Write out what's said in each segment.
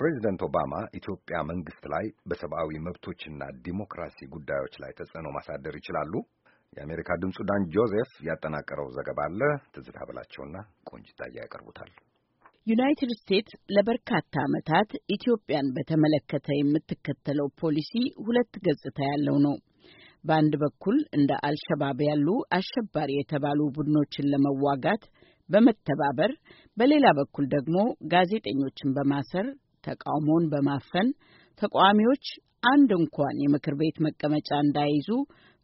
ፕሬዚደንት ኦባማ ኢትዮጵያ መንግስት ላይ በሰብአዊ መብቶችና ዲሞክራሲ ጉዳዮች ላይ ተጽዕኖ ማሳደር ይችላሉ። የአሜሪካ ድምፁ ዳን ጆዜፍ ያጠናቀረው ዘገባ አለ። ትዝታ ብላቸውና ቆንጅታያ ያቀርቡታል። ዩናይትድ ስቴትስ ለበርካታ ዓመታት ኢትዮጵያን በተመለከተ የምትከተለው ፖሊሲ ሁለት ገጽታ ያለው ነው። በአንድ በኩል እንደ አልሸባብ ያሉ አሸባሪ የተባሉ ቡድኖችን ለመዋጋት በመተባበር በሌላ በኩል ደግሞ ጋዜጠኞችን በማሰር ተቃውሞን በማፈን ተቃዋሚዎች አንድ እንኳን የምክር ቤት መቀመጫ እንዳይዙ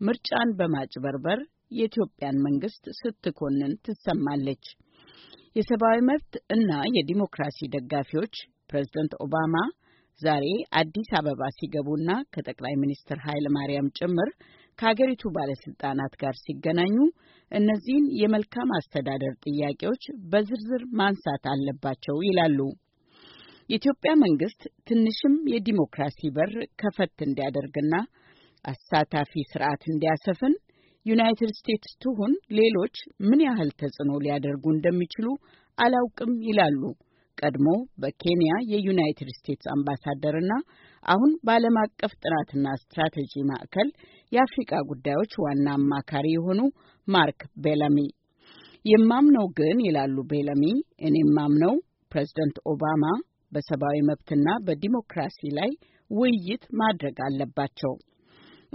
ምርጫን በማጭበርበር የኢትዮጵያን መንግስት ስትኮንን ትሰማለች። የሰብአዊ መብት እና የዲሞክራሲ ደጋፊዎች ፕሬዝደንት ኦባማ ዛሬ አዲስ አበባ ሲገቡና ከጠቅላይ ሚኒስትር ኃይለ ማርያም ጭምር ከሀገሪቱ ባለስልጣናት ጋር ሲገናኙ እነዚህን የመልካም አስተዳደር ጥያቄዎች በዝርዝር ማንሳት አለባቸው ይላሉ። የኢትዮጵያ መንግስት ትንሽም የዲሞክራሲ በር ከፈት እንዲያደርግና አሳታፊ ስርዓት እንዲያሰፍን ዩናይትድ ስቴትስ ትሁን ሌሎች ምን ያህል ተጽዕኖ ሊያደርጉ እንደሚችሉ አላውቅም ይላሉ ቀድሞ በኬንያ የዩናይትድ ስቴትስ አምባሳደርና አሁን በዓለም አቀፍ ጥናትና ስትራቴጂ ማዕከል የአፍሪቃ ጉዳዮች ዋና አማካሪ የሆኑ ማርክ ቤለሚ የማምነው ግን ይላሉ ቤለሚ፣ እኔ የማምነው ፕሬዝደንት ኦባማ በሰብአዊ መብትና በዲሞክራሲ ላይ ውይይት ማድረግ አለባቸው።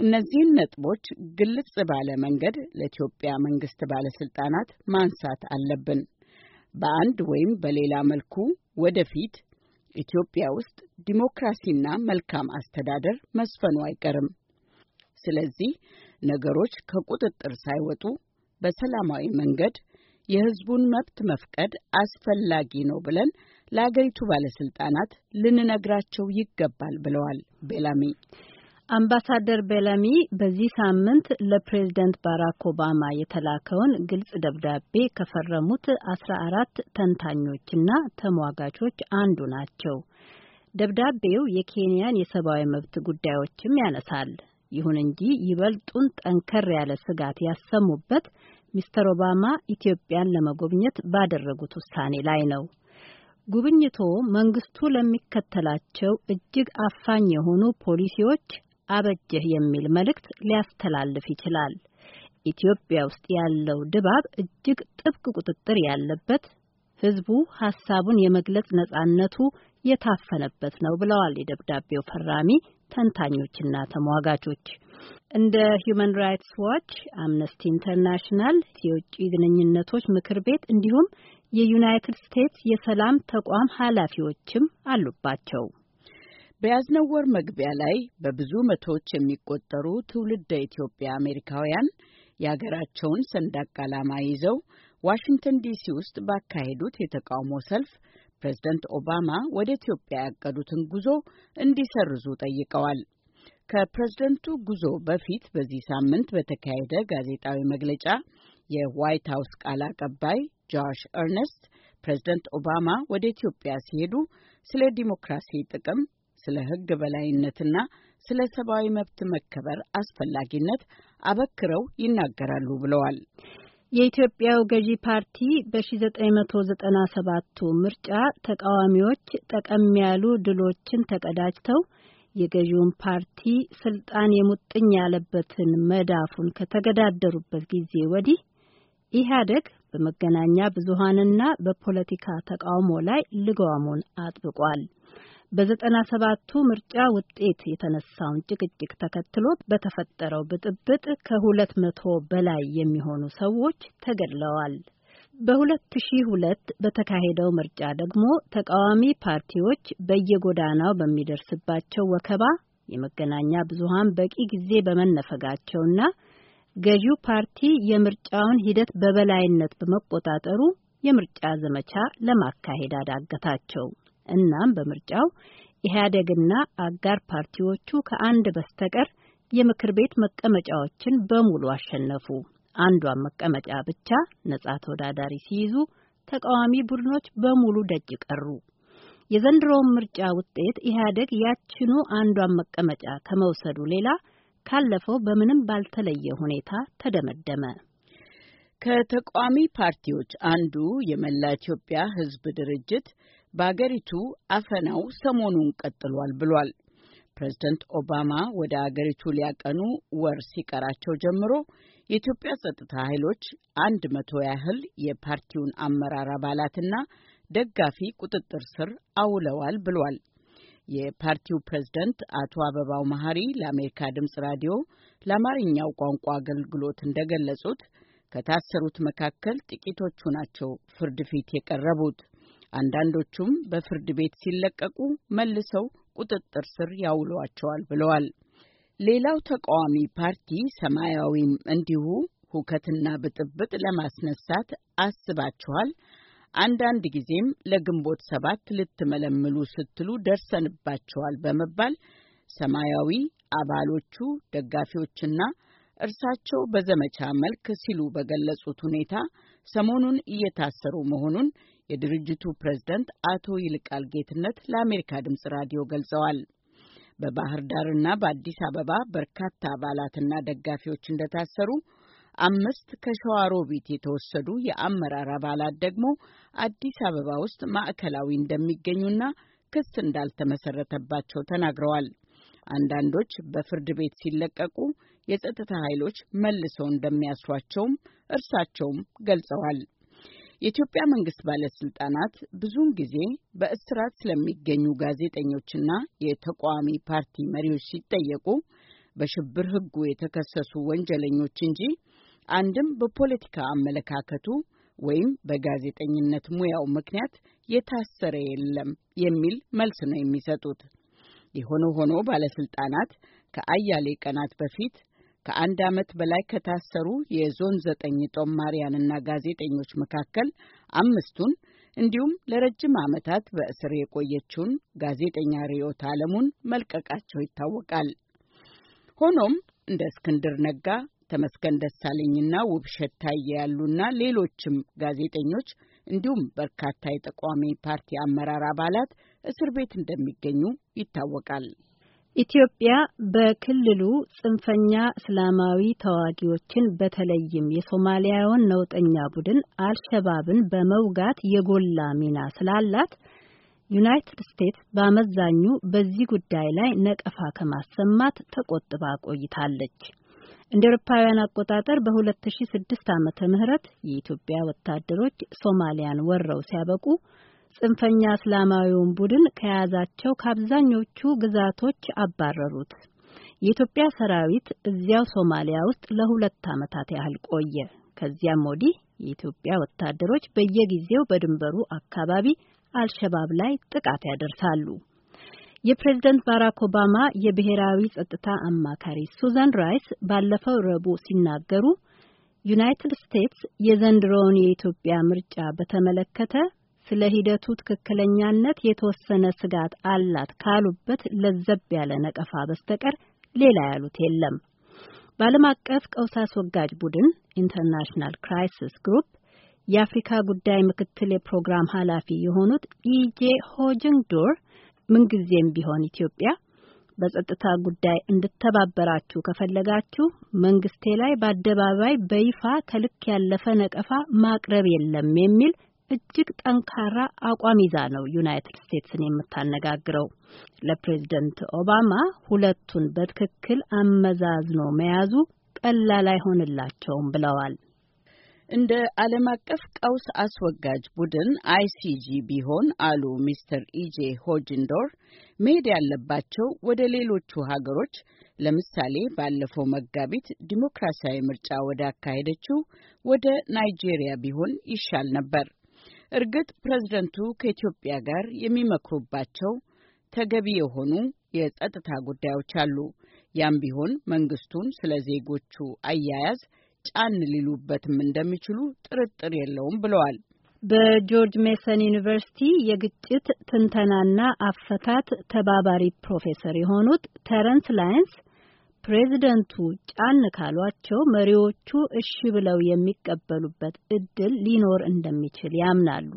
እነዚህን ነጥቦች ግልጽ ባለ መንገድ ለኢትዮጵያ መንግስት ባለስልጣናት ማንሳት አለብን። በአንድ ወይም በሌላ መልኩ ወደፊት ኢትዮጵያ ውስጥ ዲሞክራሲና መልካም አስተዳደር መስፈኑ አይቀርም። ስለዚህ ነገሮች ከቁጥጥር ሳይወጡ በሰላማዊ መንገድ የሕዝቡን መብት መፍቀድ አስፈላጊ ነው ብለን ለአገሪቱ ባለስልጣናት ልንነግራቸው ይገባል ብለዋል ቤላሚ። አምባሳደር ቤላሚ በዚህ ሳምንት ለፕሬዝደንት ባራክ ኦባማ የተላከውን ግልጽ ደብዳቤ ከፈረሙት አስራ አራት ተንታኞችና ተሟጋቾች አንዱ ናቸው። ደብዳቤው የኬንያን የሰብአዊ መብት ጉዳዮችም ያነሳል። ይሁን እንጂ ይበልጡን ጠንከር ያለ ስጋት ያሰሙበት ሚስተር ኦባማ ኢትዮጵያን ለመጎብኘት ባደረጉት ውሳኔ ላይ ነው። ጉብኝቶ መንግስቱ ለሚከተላቸው እጅግ አፋኝ የሆኑ ፖሊሲዎች አበጀህ የሚል መልእክት ሊያስተላልፍ ይችላል። ኢትዮጵያ ውስጥ ያለው ድባብ እጅግ ጥብቅ ቁጥጥር ያለበት፣ ህዝቡ ሀሳቡን የመግለጽ ነጻነቱ የታፈነበት ነው ብለዋል የደብዳቤው ፈራሚ ተንታኞችና ተሟጋቾች። እንደ ሂዩማን ራይትስ ዋች፣ አምነስቲ ኢንተርናሽናል፣ የውጭ ግንኙነቶች ምክር ቤት እንዲሁም የዩናይትድ ስቴትስ የሰላም ተቋም ኃላፊዎችም አሉባቸው። በያዝነው ወር መግቢያ ላይ በብዙ መቶዎች የሚቆጠሩ ትውልደ ኢትዮጵያ አሜሪካውያን የአገራቸውን ሰንደቅ ዓላማ ይዘው ዋሽንግተን ዲሲ ውስጥ ባካሄዱት የተቃውሞ ሰልፍ ፕሬዝደንት ኦባማ ወደ ኢትዮጵያ ያቀዱትን ጉዞ እንዲሰርዙ ጠይቀዋል። ከፕሬዝደንቱ ጉዞ በፊት በዚህ ሳምንት በተካሄደ ጋዜጣዊ መግለጫ የዋይት ሀውስ ቃል አቀባይ ጆሽ እርነስት ፕሬዝደንት ኦባማ ወደ ኢትዮጵያ ሲሄዱ ስለ ዲሞክራሲ ጥቅም ስለ ሕግ በላይነትና ስለ ሰብአዊ መብት መከበር አስፈላጊነት አበክረው ይናገራሉ ብለዋል። የኢትዮጵያው ገዢ ፓርቲ በ1997ቱ ምርጫ ተቃዋሚዎች ጠቀም ያሉ ድሎችን ተቀዳጅተው የገዢውን ፓርቲ ስልጣን የሙጥኝ ያለበትን መዳፉን ከተገዳደሩበት ጊዜ ወዲህ ኢህአደግ በመገናኛ ብዙሃንና በፖለቲካ ተቃውሞ ላይ ልጓሙን አጥብቋል። በዘጠና ሰባቱ ምርጫ ውጤት የተነሳውን ጭቅጭቅ ተከትሎ በተፈጠረው ብጥብጥ ከሁለት መቶ በላይ የሚሆኑ ሰዎች ተገድለዋል። በ2002 በተካሄደው ምርጫ ደግሞ ተቃዋሚ ፓርቲዎች በየጎዳናው በሚደርስባቸው ወከባ የመገናኛ ብዙሃን በቂ ጊዜ በመነፈጋቸውና ገዢው ፓርቲ የምርጫውን ሂደት በበላይነት በመቆጣጠሩ የምርጫ ዘመቻ ለማካሄድ አዳገታቸው። እናም በምርጫው ኢህአዴግና አጋር ፓርቲዎቹ ከአንድ በስተቀር የምክር ቤት መቀመጫዎችን በሙሉ አሸነፉ። አንዷን መቀመጫ ብቻ ነጻ ተወዳዳሪ ሲይዙ ተቃዋሚ ቡድኖች በሙሉ ደጅ ቀሩ። የዘንድሮውን ምርጫ ውጤት ኢህአዴግ ያችኑ አንዷን መቀመጫ ከመውሰዱ ሌላ ካለፈው በምንም ባልተለየ ሁኔታ ተደመደመ። ከተቃዋሚ ፓርቲዎች አንዱ የመላ ኢትዮጵያ ሕዝብ ድርጅት በአገሪቱ አፈናው ሰሞኑን ቀጥሏል ብሏል። ፕሬዝደንት ኦባማ ወደ አገሪቱ ሊያቀኑ ወር ሲቀራቸው ጀምሮ የኢትዮጵያ ጸጥታ ኃይሎች አንድ መቶ ያህል የፓርቲውን አመራር አባላትና ደጋፊ ቁጥጥር ስር አውለዋል ብሏል። የፓርቲው ፕሬዝደንት አቶ አበባው መሐሪ ለአሜሪካ ድምፅ ራዲዮ ለአማርኛው ቋንቋ አገልግሎት እንደገለጹት ከታሰሩት መካከል ጥቂቶቹ ናቸው ፍርድ ፊት የቀረቡት። አንዳንዶቹም በፍርድ ቤት ሲለቀቁ መልሰው ቁጥጥር ስር ያውሏቸዋል ብለዋል። ሌላው ተቃዋሚ ፓርቲ ሰማያዊም እንዲሁ ሁከትና ብጥብጥ ለማስነሳት አስባችኋል፣ አንዳንድ ጊዜም ለግንቦት ሰባት ልትመለምሉ ስትሉ ደርሰንባቸዋል በመባል ሰማያዊ አባሎቹ፣ ደጋፊዎችና እርሳቸው በዘመቻ መልክ ሲሉ በገለጹት ሁኔታ ሰሞኑን እየታሰሩ መሆኑን የድርጅቱ ፕሬዝደንት አቶ ይልቃል ጌትነት ለአሜሪካ ድምፅ ራዲዮ ገልጸዋል። በባህር ዳርና በአዲስ አበባ በርካታ አባላትና ደጋፊዎች እንደታሰሩ፣ አምስት ከሸዋሮቢት የተወሰዱ የአመራር አባላት ደግሞ አዲስ አበባ ውስጥ ማዕከላዊ እንደሚገኙና ክስ እንዳልተመሰረተባቸው ተናግረዋል። አንዳንዶች በፍርድ ቤት ሲለቀቁ የጸጥታ ኃይሎች መልሰው እንደሚያስሯቸውም እርሳቸውም ገልጸዋል። የኢትዮጵያ መንግስት ባለስልጣናት ብዙውን ጊዜ በእስራት ስለሚገኙ ጋዜጠኞችና የተቃዋሚ ፓርቲ መሪዎች ሲጠየቁ በሽብር ሕጉ የተከሰሱ ወንጀለኞች እንጂ አንድም በፖለቲካ አመለካከቱ ወይም በጋዜጠኝነት ሙያው ምክንያት የታሰረ የለም የሚል መልስ ነው የሚሰጡት። የሆነ ሆኖ ባለስልጣናት ከአያሌ ቀናት በፊት ከአንድ ዓመት በላይ ከታሰሩ የዞን ዘጠኝ ጦማሪያንና ጋዜጠኞች መካከል አምስቱን እንዲሁም ለረጅም ዓመታት በእስር የቆየችውን ጋዜጠኛ ርዕዮት ዓለሙን መልቀቃቸው ይታወቃል። ሆኖም እንደ እስክንድር ነጋ፣ ተመስገን ደሳለኝና ውብሸት ታየ ያሉና ሌሎችም ጋዜጠኞች እንዲሁም በርካታ የተቃዋሚ ፓርቲ አመራር አባላት እስር ቤት እንደሚገኙ ይታወቃል። ኢትዮጵያ በክልሉ ጽንፈኛ እስላማዊ ተዋጊዎችን በተለይም የሶማሊያውን ነውጠኛ ቡድን አልሸባብን በመውጋት የጎላ ሚና ስላላት ዩናይትድ ስቴትስ በአመዛኙ በዚህ ጉዳይ ላይ ነቀፋ ከማሰማት ተቆጥባ ቆይታለች። እንደ ኤሮፓውያን አቆጣጠር በ2006 ዓመተ ምህረት የኢትዮጵያ ወታደሮች ሶማሊያን ወረው ሲያበቁ ጽንፈኛ እስላማዊውን ቡድን ከያዛቸው ከአብዛኞቹ ግዛቶች አባረሩት። የኢትዮጵያ ሰራዊት እዚያው ሶማሊያ ውስጥ ለሁለት ዓመታት ያህል ቆየ። ከዚያም ወዲህ የኢትዮጵያ ወታደሮች በየጊዜው በድንበሩ አካባቢ አልሸባብ ላይ ጥቃት ያደርሳሉ። የፕሬዝደንት ባራክ ኦባማ የብሔራዊ ጸጥታ አማካሪ ሱዛን ራይስ ባለፈው ረቡዕ ሲናገሩ ዩናይትድ ስቴትስ የዘንድሮውን የኢትዮጵያ ምርጫ በተመለከተ ስለ ሂደቱ ትክክለኛነት የተወሰነ ስጋት አላት ካሉበት ለዘብ ያለ ነቀፋ በስተቀር ሌላ ያሉት የለም። በዓለም አቀፍ ቀውስ አስወጋጅ ቡድን ኢንተርናሽናል ክራይሲስ ግሩፕ የአፍሪካ ጉዳይ ምክትል የፕሮግራም ኃላፊ የሆኑት ኢጄ ሆጅንግ ዶር ምንጊዜም ቢሆን ኢትዮጵያ በጸጥታ ጉዳይ እንድተባበራችሁ ከፈለጋችሁ መንግስቴ ላይ በአደባባይ በይፋ ከልክ ያለፈ ነቀፋ ማቅረብ የለም የሚል እጅግ ጠንካራ አቋም ይዛ ነው ዩናይትድ ስቴትስን የምታነጋግረው። ለፕሬዝደንት ኦባማ ሁለቱን በትክክል አመዛዝኖ መያዙ ቀላል አይሆንላቸውም ብለዋል። እንደ ዓለም አቀፍ ቀውስ አስወጋጅ ቡድን አይሲጂ ቢሆን አሉ ሚስተር ኢጄ ሆጅንዶር መሄድ ያለባቸው ወደ ሌሎቹ ሀገሮች ለምሳሌ ባለፈው መጋቢት ዲሞክራሲያዊ ምርጫ ወደ አካሄደችው ወደ ናይጄሪያ ቢሆን ይሻል ነበር። እርግጥ ፕሬዝደንቱ ከኢትዮጵያ ጋር የሚመክሩባቸው ተገቢ የሆኑ የጸጥታ ጉዳዮች አሉ። ያም ቢሆን መንግስቱን ስለ ዜጎቹ አያያዝ ጫን ሊሉበትም እንደሚችሉ ጥርጥር የለውም ብለዋል። በጆርጅ ሜሰን ዩኒቨርሲቲ የግጭት ትንተናና አፈታት ተባባሪ ፕሮፌሰር የሆኑት ተረንስ ላይንስ ፕሬዚደንቱ ጫን ካሏቸው መሪዎቹ እሺ ብለው የሚቀበሉበት እድል ሊኖር እንደሚችል ያምናሉ።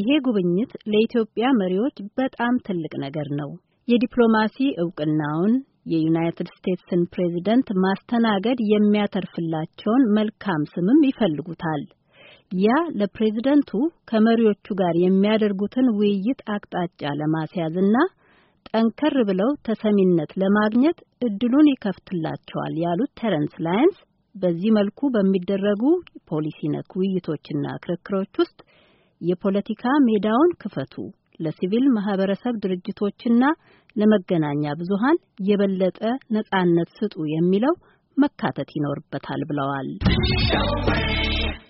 ይሄ ጉብኝት ለኢትዮጵያ መሪዎች በጣም ትልቅ ነገር ነው። የዲፕሎማሲ እውቅናውን የዩናይትድ ስቴትስን ፕሬዚደንት ማስተናገድ የሚያተርፍላቸውን መልካም ስምም ይፈልጉታል። ያ ለፕሬዝደንቱ ከመሪዎቹ ጋር የሚያደርጉትን ውይይት አቅጣጫ ለማስያዝና ጠንከር ብለው ተሰሚነት ለማግኘት እድሉን ይከፍትላቸዋል ያሉት ተረንስ ላይንስ በዚህ መልኩ በሚደረጉ ፖሊሲ ነክ ውይይቶችና ክርክሮች ውስጥ የፖለቲካ ሜዳውን ክፈቱ፣ ለሲቪል ማህበረሰብ ድርጅቶችና ለመገናኛ ብዙሃን የበለጠ ነጻነት ስጡ የሚለው መካተት ይኖርበታል ብለዋል።